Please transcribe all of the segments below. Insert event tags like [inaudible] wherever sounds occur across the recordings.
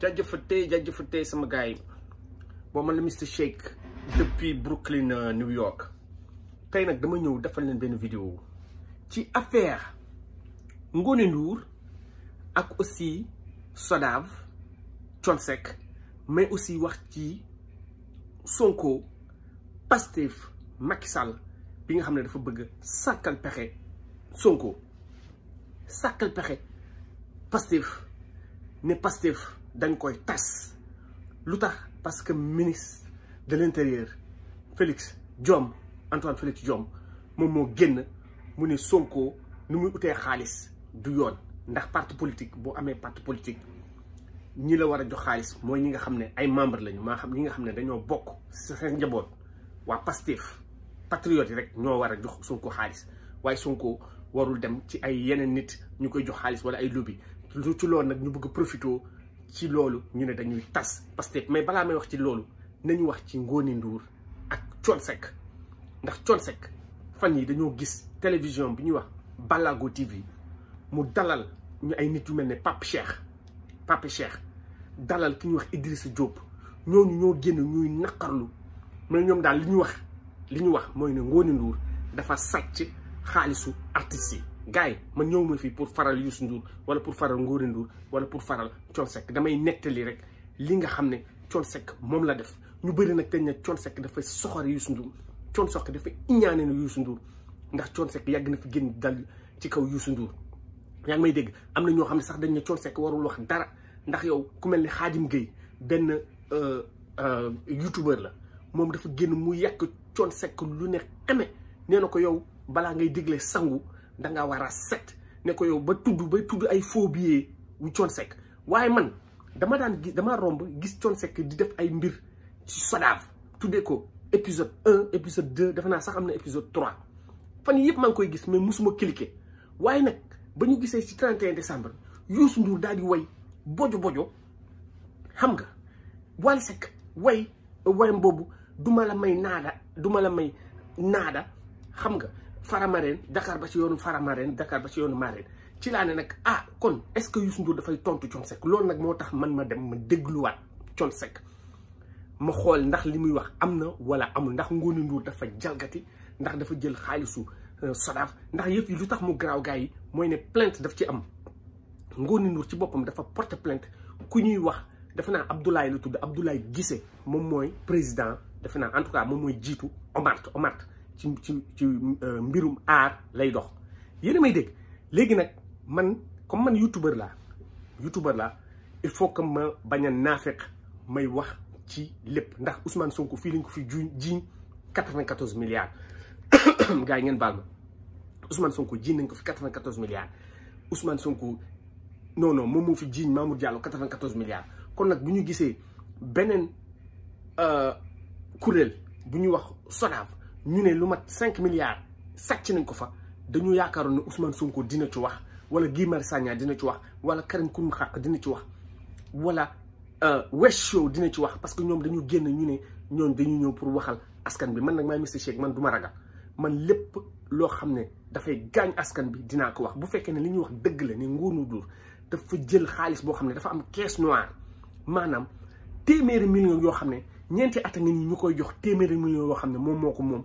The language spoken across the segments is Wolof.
jaajëfatee jaajëfatee sama gars bo man Mr. Shake depuis Brooklyn euh, New York tay nak dama ñëw defal len une vidéo ci affaire Ngone Ndour ak aussi Sodav mais aussi wax ci Sonko Pastef Makissal Qui bi nga dafa bëgg Sonko Pastef ne Pastef dañ koy tas lu tax parce que ministre de l' intérieur Félix Diome Antoine Félix Diome moom moo génn mu ne Sonko nu muy utee xaalis du yoon ndax parti politique boo amee parti politique ñi la war a jox xaalis mooy ñi nga xam ne ay membre lañu maa xam ñi nga xam ne dañoo bokk si seen njaboot waa Pastef patriote yi rek ñoo war a jox Sonko xaalis waaye Sonko warul dem ci ay yeneen nit ñu koy jox xaalis wala ay lobby lu ci loolu nag ñu bugg a profité ci loolu ñu ne dañuy tas Pastef mais balaa may wax ci loolu nañu wax ci Ngóone Ndour ak Thione Seck ndax Thione Seck fan yi dañoo gis télévision bi ñuy wax Balago TV mu dalal ñu ay nit yu mel ne Pape Cheikh Pape Cheikh dalal ki ñuy wax si Diop ñooñu ñoo génn ñuy naqarlu mais ñoom daal li ñu wax li ñu wax mooy ne Ngóone Ndour dafa sàcc xaalisu artistes yi gars yi man ñëw ma fii pour faral Youssou Ndour wala pour faral Ngori Ndour wala pour faral Thione Seck damay nettali rek li nga xam ne Thione Seck moom la def ñu bëri nag teñ ne Thione Seck dafa soxor Youssou Ndour Thione Seck dafa iñaane na ndax Thione Seck yàgg na génn dal ci kaw Youssou Ndour yaa may dégg am na ñoo xam ne sax dañ ne Thione warul wax dara ndax yow ku mel ni Khadim Gueye benn euh, euh, youtubeur la moom dafa génn mu yàq Thione Seck lu ne xame nee na ko yow balaa ngay digle sangu da war a set ne ko yow ba tudd ba tudd ay faux billets wu Thione Seck waaye man dama daan gis dama romb gis Thione Seck di def ay mbir ci Sodav tuddee ko épisode un épisode deux defe naa sax am na épisode trois fan yëpp maa ngi koy gis mais musuma cliquer waaye nag ba ñu gisee ci 31 décembre Youssou Ndour daal di way bojo bojo xam nga Wally Seck way wayam boobu duma la may naada duma la may naada xam nga Faramareen dakaar ba ci yoonu Faramareen Dakar ba ci yoonu Mareen ci laa ne nag ah kon est-ce que Youssou Ndour dafay tontu Thione Seck loolu nag moo tax man ma dem ma dégluwaat Thione Seck ma xool ndax li muy wax am na wala amul ndax Ngone Ndour dafa jalgati ndax dafa jël xaalisu euh, Sodaaf ndax yëf yi lu tax mu garaaw gars yi mooy ne plainte daf ci am Ngone nduur ci boppam dafa porter plainte ku ñuy wax defe naa Abdoulaye la tudd Abdoulaye Guissé moom mooy président defe naa en tout cas moom mooy jiitu Omart ci ci ci euh, mbirum aar lay dox yéen may dégg léegi nag man comme man youtubeur laa youtubeur laa il faut que ma bañ a naafeq may wax ci lépp ndax Ousmane Sonko fii lañ ko fi ju jiiñ quatre-vingt-quatorze [coughs] yi ngeen baal ma Ousmane Sonko jiiñ nañ ko fi quatre-vingt-quatorze milliards Ousmane non non moom moo fi jiiñ Mamour Diallo quatre-vingt-quatorze kon nag bu ñu gisee beneen euh, kuréel bu ñu wax SODAV ñu ne lu mat cinq milliards sàcc nañ ko fa dañu yaakaaroon ne Ousmane Sonko dina ci wax wala Guy Marius dina ci wax wala Karim Xrum Xax dina ci wax wala euh, Wes Show dina ci wax parce que ñoom dañu génn ñu ne ñoom dañu ñëw pour waxal askan bi man nag maay Mister Shake man du ma ragal man lépp loo xam ne dafay gaañ askan bi dinaa ko wax bu fekkee ne li ñuy wax dëgg la ne nguuru dur dafa jël xaalis boo xam ne dafa am caisse noire maanaam téeméeri millions yoo xam ne ñeenti at a ngi koy jox téeméeri millions yoo xam ne moom moo ko moom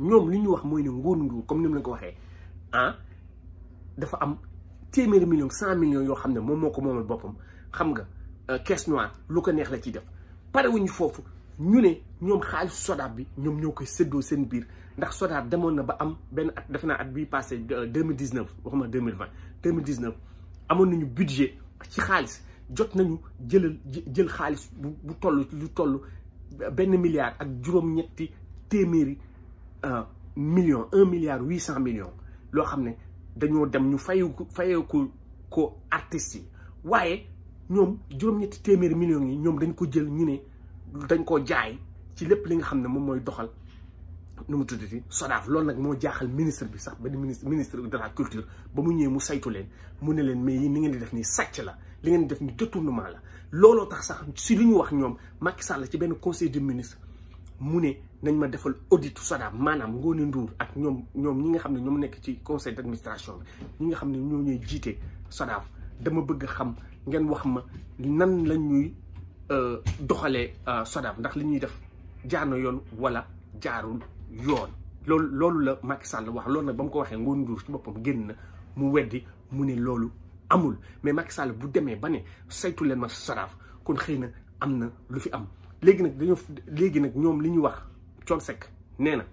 ñoom li ñu wax mooy ne Ngóor Ndour comme ni mu la ko waxee ah dafa am téeméeri million cent millions yoo xam ne moom moo ko moomal boppam xam nga euh, caisse noire lu ko neex la ciy def pare foofu ñu ne ñoom xaalis sodaab bi ñoom ñoo koy séddoo seen biir ndax sodaab demoon na ba am benn at def naa at bii passé euh, deux mille dix neuf waxuma deux mille vingt deux mille dix neuf amoon nañu budget ci xaalis jot nañu jëlal jël xaalis bu bu toll lu toll benn milliard ak juróom-ñetti téeméeri. Euh, million un milliard huit cent millions loo xam ne dañoo dem ñu fayeeku fayeeku ko artistes yi waaye ñoom juróom-ñetti téeméer millions yi ñoom dañ ko jël ñu ne dañ koo jaay ci lépp li nga xam ne moom mooy doxal nu mu tuddati SODAV loolu nag moo jaaxal ministre bi sax ba di ministre ministre de la culture ba mu ñëwee mu saytu leen mu ne leen mais yi ni ngeen di def nii sàcc la li ngeen di def nii détournement la looloo tax sax si li ñu wax ñoom Macky Sall ci benn conseil des ministres mu ne nañ ma defal auditu SODAV maanaam Ngone Ndour ak ñoom ñoom ñi nga xam ne ñoom nekk ci conseil d'administration bi ñi nga xam ne ñoo ñuy jiite SODAV dama bëgg xam ngeen wax ma nan la ñuy euh, doxalee euh, SODAV ndax li ñuy def jaar na yoon wala jaarul yoon. loolu loolu la Macky Sall wax loolu nag ba mu ko waxee Ngone Ndour ci boppam génn na mu weddi mu ne loolu amul mais Macky Sall bu demee ba ne seytu leen ma SODAV kon xëy na am na lu fi am. léegi nag dañoo léegi nag ñoom li ñu wax Thione Seck nee na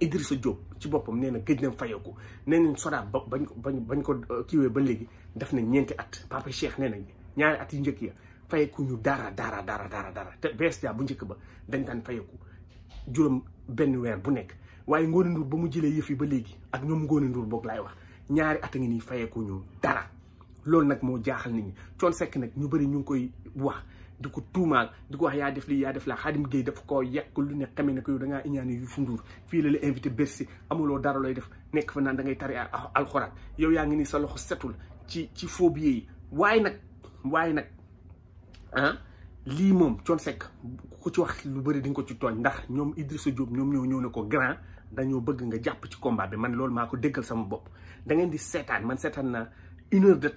Idrissa Diop ci boppam nee na gëj na fayeeku nee nañ Sodaar ba bañ bañ bañ ko euh, kiiwee ba léegi def na ñeenti at Papa Cheikh nee nañ ñaari at yu njëkk ya fayeeku ñu dara dara dara dara dara te BSDA bu njëkk ba dañ daan fayeeku juróom benn weer bu nekk waaye Ngone Ndour ba mu jëlee yëf yi ba léegi ak ñoom Ngone Ndour boog laay wax ñaari at a ngi nii fayeeku ñu dara loolu nag moo jaaxal nit ñi Thione Seck nag ñu bari ñu ngi koy di ko tuumaal di ko wax yaa def lii yaa def laa Xaadim Géey daf ko yekk lu ne xamee ne ko yow da ngaa iñaane yu funduur fii la la invité Bercy amuloo dara looy def nekk fa naan dangay ngay tari alxuraan yow yaa ngi ni sa loxo setul ci ci phobie yi waaye nag waaye nag ah lii moom Thione Seck ku ci wax lu bari di ko ci tooñ ndax ñoom Idrissa Diop ñoom ñoo ñëw ne ko grand dañoo bëgg nga jàpp ci komba bi man loolu maa ko déggal sama bopp dangeen di seetaan man seetaan na une heure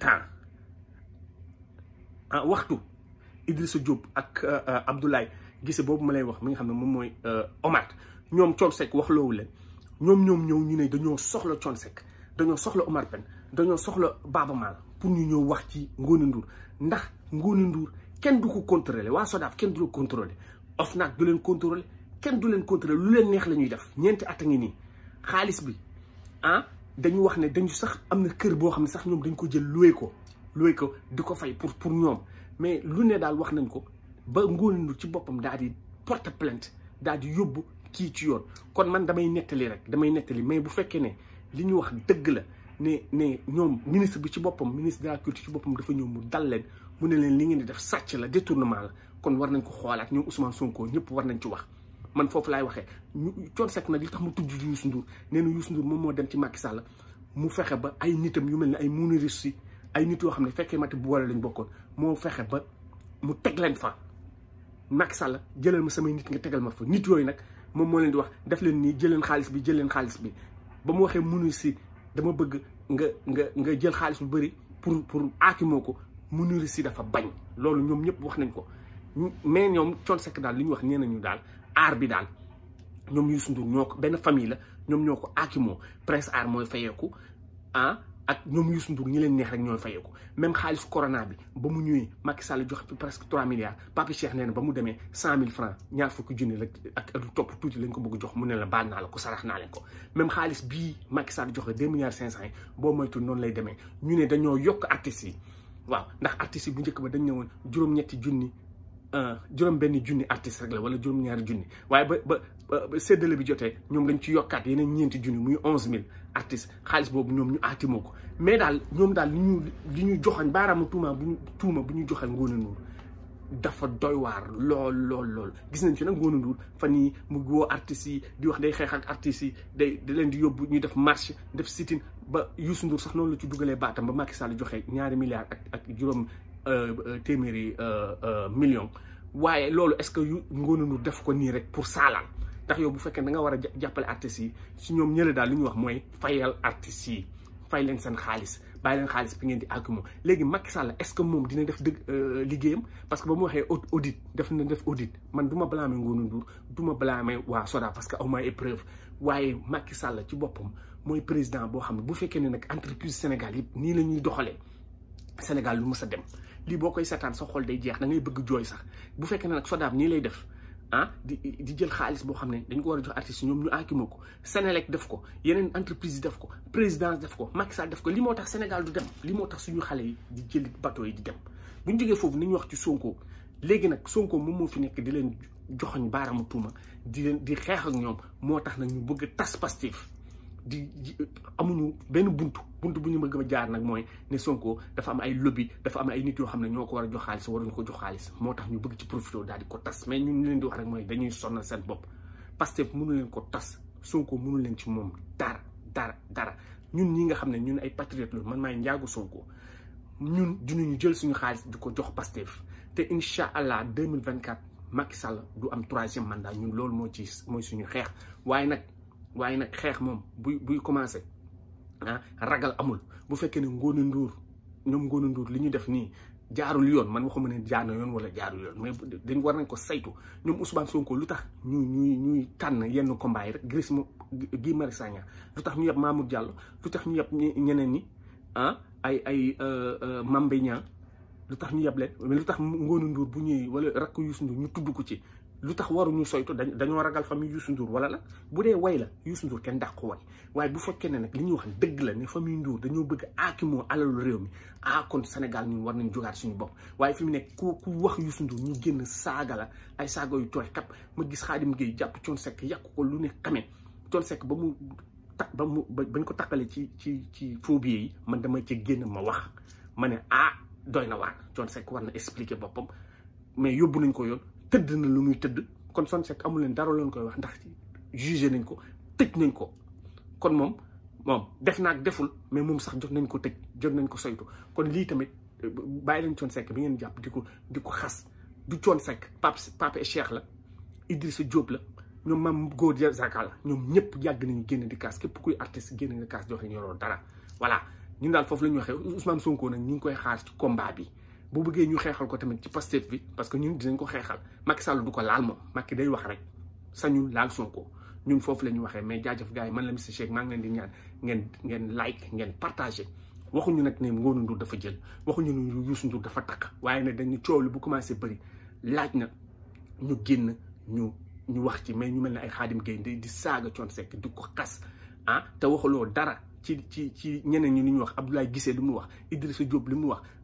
Idrissa Diop ak Abdoulaye gisse bobu malay wax mi nga xamne mom moy Omar ñom Thione sek wax loowu leen ñom ñom ñëw ñu ne dañoo soxla Thione sek dañoo soxla Omar Pène dañoo soxla baba mal pour ñu ñëw wax ci Ngone Ndour ndax Ngone Ndour kenn du ko contrôler wa sodaf kenn du ko contrôler ofnak du len contrôler kenn du len contrôler lu len neex lañuy def ñent at ngi ni xaalis bi han dañu wax ne dañu sax amna na kër boo xam sax ñom dañ ko jël loué ko loué ko diko fay pour pour ñom mais lu ne daal wax nañ ko ba ngóol ci boppam daal di porte plainte daal di yóbbu kii ci yoon kon man damay nettali rek damay nettali mais bu fekkee ne li ñu wax dëgg la ne ne ñoom ministre bi ci boppam ministre de la culture ci boppam dafa ñëw mu dal leen mu ne leen li ngeen di def sàcc la détournement la kon war nañ ko xoolaat ñoom Ousmane Sonko ñëpp war nañ ci wax man foofu laay waxee coon sekk nag li tax mu tudd Youssou Ndour nee na Youssou Ndour moom moo dem ci Macky Sall mu fexe ba ay nitam yu mel ne ay munirus si ay nit yoo xam ne fekkee mati bu wala lañ bokkoon moo fexe ba mu teg leen fa Macky Sall jëlal ma samay nit nga tegal ma fa nit yooyu nag moom moo leen di wax def leen nii jëleen leen xaalis bi jël leen xaalis bi ba mu waxee munu si dama bëgg nga nga nga jël xaalis bu bari pour pour aakimoo ko munuri si dafa bañ loolu ñoom ñëpp wax nañ ko mais ñoom Thione daal li ñu wax nee nañu daal aar bi daal ñoom Youssou Ndour ñoo ko benn famille la ñoom ñoo ko aakimoo presque aar mooy fayeeku ah, ak ñom Youssou Ndour ñi leen neex rek ñoy fayeku même xaliss corona bi ba mu ñëwee Macky Sall jox fi presque 3 milliards Papi Cheikh nee na ba mu demee 100000 francs ñaar fukk junne la ak lu topp tuuti lañ ko bëgg jox mu neela baal na la ko sarax na leen ko même xaliss bi Macky Sall joxe 2 milliards 500 bo moytu moytul noonu lay démé ñu né dañoo yok artistes yi waaw ndax artistes bu ñëk ba dañ ñëwon juroom ñetti junni juróom benni junni artiste rek la wala juróom ñaari junni waaye ba ba séddale bi jotee ñoom lañ ci yokkaat yeneen ñeenti junni muy onze mille artistes xaalis boobu ñoom ñu aatimoo ko mais daal ñoom daal ñu li ñu joxañ baaraamu tuuma bu ñu tuuma bu ñu joxal Ngoné Ndour dafa doy waar lool lool lool gis nañ ci nag Ngoné Ndour fan yii mu woo artistes yi di wax day xeex ak artistes yi day da leen di yóbbu ñuy def marche def sit-in ba Youssou Ndour sax noonu la ci dugalee baatam ba Macky Sall joxe ñaari milliards ak ak juróom Euh, euh, téeméeri euh, million waaye loolu est-ce que yu Ngoné Ndour def ko nii rek pour saalaan ndax yow bu fekkee da nga war a jàppale artistes yi si ñoom ñële daal li ñuy wax mooy fayal artistes yi fay leen seen xaalis bàyyi leen xaalis bi ngeen di argument léegi Macky Sall est-ce que moom dina def dëgg liggéeyam parce que ba mu waxee audit def na def audit man duma ma blâmer Ngoné Ndour du ma blâmer waa Soda parce que aw ma épreuve waaye Macky Sall ci boppam mooy président boo xam ne bu fekkee ne nag entreprise Sénégal yëpp nii la ñuy doxalee Sénégal lu mës a dem lii boo koy seetaan sa xol day jeex da ngay bëgg jooy sax bu fekkee ne nag Sodav nii lay def ah di jël xaalis boo xam ne dañ ko war a jox artistes ñoom ñu aakimoo ko Sénélec def ko yeneen entreprise def ko présidence def ko Macky Sall def ko li moo tax Sénégal du dem li moo tax suñu xale yi di jël bateau yi di dem bu ñu jógee foofu nañu wax ci Sonko léegi nag Sonko moom moo fi nekk di leen joxoñ baaramu tuuma di leen di xeex ak ñoom moo tax nag ñu bëgg tas Pastef di amuñu benn buntu buntu bu ñu bëgg a jaar nag mooy ne Sonko dafa am ay lobby dafa am ay nit yoo xam ne ñoo ko war a jox xaalis waruñu ko jox xaalis moo tax ñu bëgg ci profité di ko tas mais ñun leen di wax rek mooy dañuy sonna seen bopp parce que mënu ko tas Sonko mënu leen ci moom dara dara dara ñun ñi nga xam ne ñun ay patriote man maay njaagu Sonko ñun dinañu jël suñu xaalis di ko jox Pastef te incha allah 2024 Macky Sall du am troisième mandat ñun loolu moo ci mooy suñu xeex waaye nag. waaye nag xeex moom buy buy commencé ah ragal amul bu fekkee ne Ngone nduur ñoom Ngone nduur li ñu def nii jaarul yoon man waxuma ne jaar na yoon wala jaarul yoon mais dañ war nañ ko saytu ñoom Ousmane Sonko lu tax ñu ñuy ñuy tànn yenn combat rek gris ma Guy Marius Sagna lu tax ñu yeb Mamour Diallo lu tax ñu yeb ñeneen ni ah ay ay euh, euh, Mame Mbaye Niang lu tax ñu yeb leen mais lu tax Ngone nduur bu ñuy wala rakk Youssou Ndour ñu tudd ko ci lu tax waruñu soytu dañ dañoo ragal famille Youssou nduur wala la bu dee way la Youssou Ndour kenn dàq ko waaye bu fokkee ne nag li ñuy wax dëgg la ne famille Ndour dañoo bëgg aakimoo alalu réew mi ah kon Sénégal ñun war nañ jógaat suñu bopp waaye fi mu nekk ku ku wax Youssou Ndour ñu génn saaga la ay saaga yu tooy kap ma gis Xaadim Géey jàpp Thione Seck yàq ko lu ne xamee Thione Seck ba mu tak ba mu bañ ko takkalee ci ci ci phobie yi man dama ci génn ma wax ma ne ah doy na waar Thione Seck war na expliquer boppam mais yóbbu nañ ko yoon tëdd na lu muy tëdd kon Son Seck amu leen dara leen koy wax ndax jugé nañ ko tëj nañ ko kon moom moom def naa naag deful mais moom sax jot nañ ko tëj jot nañ ko soytu kon lii tamit bàyyi leen Thione sekk bi ngeen jàpp di ko xas du Thione Seck Pape Pape Cheikh la Idrissa joob la ñoom mam góor Zaka la ñoom ñëpp yàgg nañu génn di kaas képp kuy artiste génn nga kaas joxe ñoroo dara voilà ñun daal foofu la ñu waxee Ousmane Sonko nag ñu ngi koy xaar ci combat bi bu bëggee ñu xeexal ko tamit ci Pastef bi parce que ñun dinañ ko xeexal Macky Sall du ko laal moom Macky day wax rek sañul laal ko ñun foofu la ñu waxee mais jaajëf gaa yi man la Mister Shake maa ngi leen di ngeen ngeen like ngeen partagé waxuñu nag ne Ngoné Ndour dafa jël waxuñu ne Youssou Ndour dafa takk waaye nag dañu coow li bu commencé bëri laaj na ñu génn ñu ñu wax ci mais ñu mel ne ay Xaadim Gueye di di saaga Thione Seck di ko xas ah te waxuloo dara ci ci ci ñeneen ñi ni ñu wax Abdoulaye gisee lu mu wax Idrissa Diop li mu wax